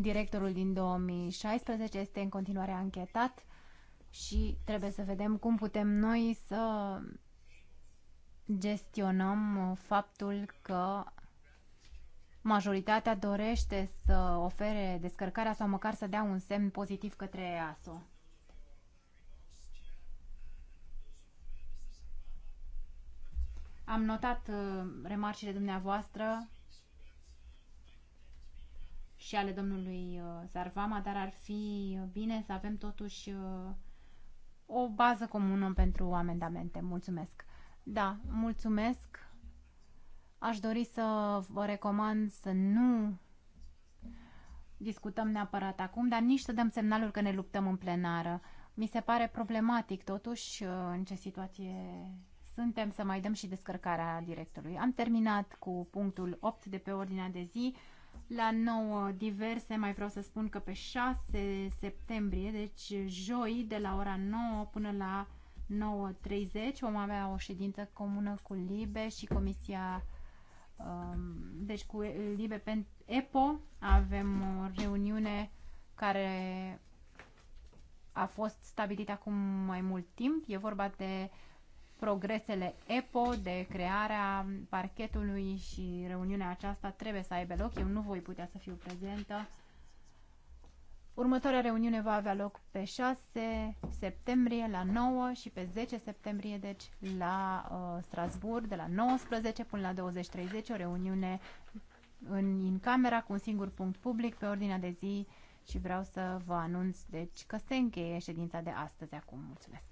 Directorul din 2016 este în continuare anchetat și trebuie să vedem cum putem noi să gestionăm faptul că majoritatea dorește să ofere descărcarea sau măcar să dea un semn pozitiv către EASO. Am notat uh, remarcile dumneavoastră și ale domnului uh, Sarvama, dar ar fi bine să avem totuși uh, o bază comună pentru amendamente. Mulțumesc! Da, mulțumesc! Aș dori să vă recomand să nu discutăm neapărat acum, dar nici să dăm semnalul că ne luptăm în plenară. Mi se pare problematic totuși uh, în ce situație suntem să mai dăm și descărcarea directorului. Am terminat cu punctul 8 de pe ordinea de zi. La 9 diverse, mai vreau să spun că pe 6 septembrie, deci joi, de la ora 9 până la 9.30 vom avea o ședință comună cu LIBE și Comisia um, deci cu LIBE pentru EPO avem o reuniune care a fost stabilită acum mai mult timp. E vorba de progresele EPO, de crearea parchetului și reuniunea aceasta trebuie să aibă loc. Eu nu voi putea să fiu prezentă. Următoarea reuniune va avea loc pe 6 septembrie la 9 și pe 10 septembrie, deci, la uh, Strasburg, de la 19 până la 20.30, o reuniune în, în camera cu un singur punct public pe ordinea de zi și vreau să vă anunț, deci, că se încheie ședința de astăzi acum. Mulțumesc!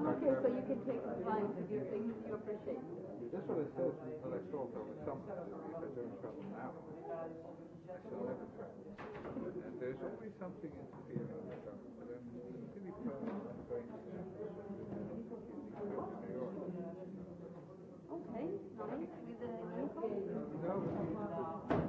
Okay, so you can take the time to do things you appreciate. That's what it says when I saw them. Some if I don't travel now, I And there's always something interfering with them. But I'm proud of going to New York. Okay, nice. With the